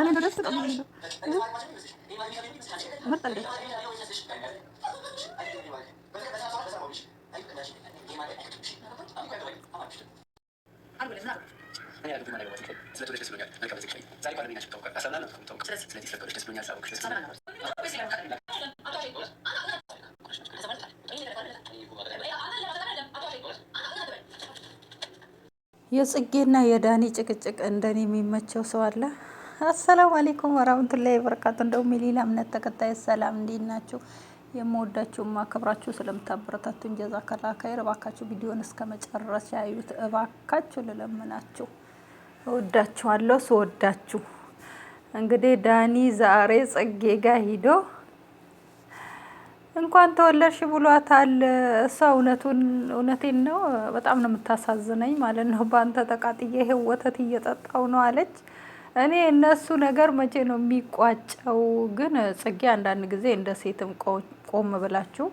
እኔ ድረስ የጽጌና የዳኒ ጭቅጭቅ እንደኔ የሚመቸው ሰው አለ? አሰላሙ አሌይኩም ወራህመቱላሂ ወበረካቱ። እንደውም የሌላ እምነት ተከታይ ሰላም፣ እንዴት ናችሁ? የምወዳችሁ ማከብራችሁ ስለምታበረታቱኝ ጀዛከላ ኸይር። እባካችሁ ቪዲዮን እስከ መጨረሻ ያዩት እባካችሁ ልለምናችሁ። እወዳችኋለሁ ስወዳችሁ። እንግዲህ ዳኒ ዛሬ ጽጌ ጋር ሂዶ እንኳን ተወለድሽ ብሏታል። እሷ እውነቱን እውነቴን ነው በጣም ነው የምታሳዝነኝ ማለት ነው። በአንተ ተቃጥዬ ወተት እየጠጣው ነው አለች እኔ እነሱ ነገር መቼ ነው የሚቋጨው? ግን ጽጌ አንዳንድ ጊዜ እንደ ሴትም ቆም ብላችሁ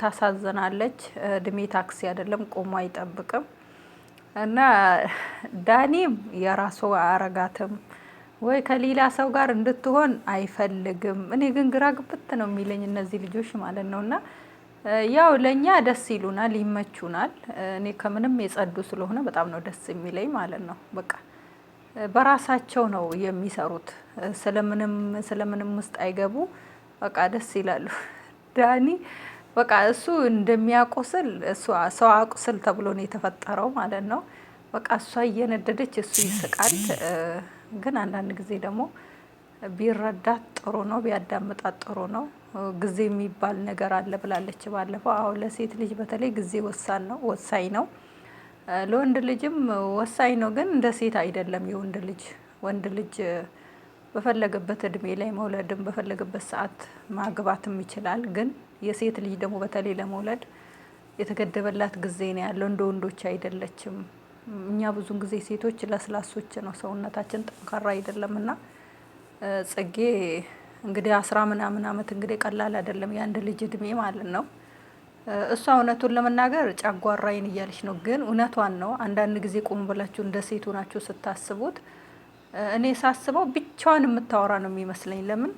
ታሳዝናለች። እድሜ ታክሲ አይደለም፣ ቆሞ አይጠብቅም። እና ዳኒም የራሱ አረጋትም ወይ ከሌላ ሰው ጋር እንድትሆን አይፈልግም። እኔ ግን ግራ ግብት ነው የሚለኝ እነዚህ ልጆች ማለት ነው። እና ያው ለእኛ ደስ ይሉናል፣ ይመቹናል። እኔ ከምንም የጸዱ ስለሆነ በጣም ነው ደስ የሚለኝ ማለት ነው በቃ በራሳቸው ነው የሚሰሩት። ስለምንም ስለምንም ውስጥ አይገቡ። በቃ ደስ ይላሉ። ዳኒ በቃ እሱ እንደሚያቆስል ሰው አቁስል ተብሎ ነው የተፈጠረው ማለት ነው። በቃ እሷ እየነደደች እሱ ይስቃል። ግን አንዳንድ ጊዜ ደግሞ ቢረዳት ጥሩ ነው፣ ቢያዳምጣት ጥሩ ነው። ጊዜ የሚባል ነገር አለ ብላለች ባለፈው። አሁን ለሴት ልጅ በተለይ ጊዜ ወሳኝ ነው ወሳኝ ነው። ለወንድ ልጅም ወሳኝ ነው፣ ግን እንደ ሴት አይደለም። የወንድ ልጅ ወንድ ልጅ በፈለገበት እድሜ ላይ መውለድም በፈለገበት ሰዓት ማግባትም ይችላል። ግን የሴት ልጅ ደግሞ በተለይ ለመውለድ የተገደበላት ጊዜ ነው ያለው። እንደ ወንዶች አይደለችም። እኛ ብዙን ጊዜ ሴቶች ለስላሶች ነው፣ ሰውነታችን ጠንካራ አይደለም። እና ጽጌ እንግዲህ አስራ ምናምን አመት እንግዲህ ቀላል አይደለም የአንድ ልጅ እድሜ ማለት ነው። እሷ እውነቱን ለመናገር ጨጓራዬን እያለች ነው፣ ግን እውነቷን ነው። አንዳንድ ጊዜ ቁም ብላችሁ እንደ ሴቱ ናችሁ ስታስቡት፣ እኔ ሳስበው ብቻዋን የምታወራ ነው የሚመስለኝ። ለምን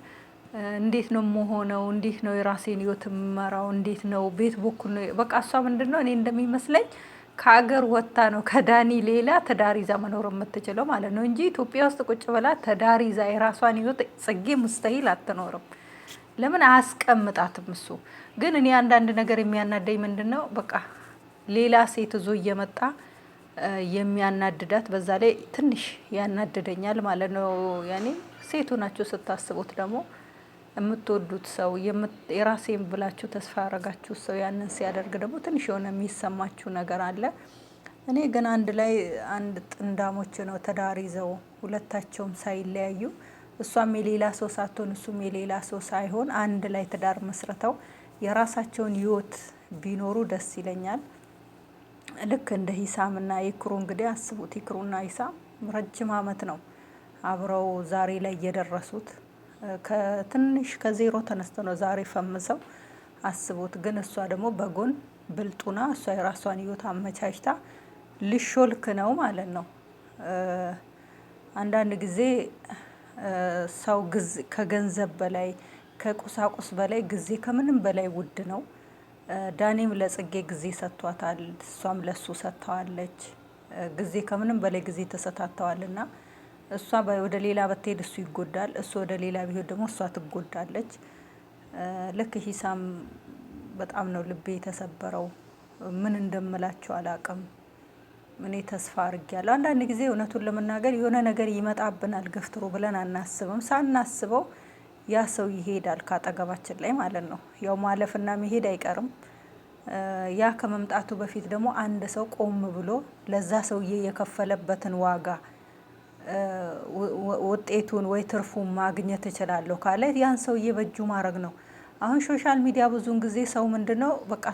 እንዴት ነው መሆነው? እንዴት ነው የራሴን ህይወት የምመራው? እንዴት ነው ቤት በኩል ነው በቃ። እሷ ምንድን ነው እኔ እንደሚመስለኝ ከሀገር ወጥታ ነው ከዳኒ ሌላ ትዳር ይዛ መኖር የምትችለው ማለት ነው እንጂ ኢትዮጵያ ውስጥ ቁጭ ብላ ትዳር ይዛ የራሷን ህይወት ጽጌ ሙስተሂል አትኖርም። ለምን አያስቀምጣትም? እሱ ግን እኔ አንዳንድ ነገር የሚያናደኝ ምንድን ነው፣ በቃ ሌላ ሴት እዞ እየመጣ የሚያናድዳት በዛ ላይ ትንሽ ያናድደኛል ማለት ነው። ያኔ ሴቱ ናቸው ስታስቡት ደግሞ የምትወዱት ሰው የራሴን ብላችሁ ተስፋ ያረጋችሁ ሰው ያንን ሲያደርግ ደግሞ ትንሽ የሆነ የሚሰማችሁ ነገር አለ። እኔ ግን አንድ ላይ አንድ ጥንዳሞች ነው ተዳሪ ይዘው ሁለታቸውም ሳይለያዩ እሷም የሌላ ሰው ሳትሆን እሱም የሌላ ሰው ሳይሆን አንድ ላይ ትዳር መስርተው የራሳቸውን ህይወት ቢኖሩ ደስ ይለኛል። ልክ እንደ ሂሳምና ይክሩ እንግዲህ አስቡት፣ ኢክሩና ሂሳም ረጅም አመት ነው አብረው ዛሬ ላይ እየደረሱት ከትንሽ ከዜሮ ተነስተ ነው ዛሬ ፈምሰው አስቡት። ግን እሷ ደግሞ በጎን ብልጡና እሷ የራሷን ህይወት አመቻችታ ልሾልክ ነው ማለት ነው። አንዳንድ ጊዜ ሰው ከገንዘብ በላይ ከቁሳቁስ በላይ ጊዜ ከምንም በላይ ውድ ነው። ዳኔም ለጽጌ ጊዜ ሰጥቷታል፣ እሷም ለሱ ሰጥተዋለች። ጊዜ ከምንም በላይ ጊዜ ተሰታተዋል እና እሷ ወደ ሌላ ብትሄድ እሱ ይጎዳል፣ እሱ ወደ ሌላ ቢሄድ ደግሞ እሷ ትጎዳለች። ልክ ሂሳም በጣም ነው ልቤ የተሰበረው። ምን እንደምላቸው አላቅም። እኔ ተስፋ አድርጊያለሁ። አንዳንድ ጊዜ እውነቱን ለመናገር የሆነ ነገር ይመጣብናል ገፍትሮ ብለን አናስብም። ሳናስበው ያ ሰው ይሄዳል ካጠገባችን ላይ ማለት ነው። ያው ማለፍና መሄድ አይቀርም። ያ ከመምጣቱ በፊት ደግሞ አንድ ሰው ቆም ብሎ ለዛ ሰውዬ የከፈለበትን ዋጋ ውጤቱን ወይ ትርፉን ማግኘት እችላለሁ ካለ ያን ሰውዬ በእጁ ማድረግ ነው። አሁን ሶሻል ሚዲያ ብዙውን ጊዜ ሰው ምንድነው በቃ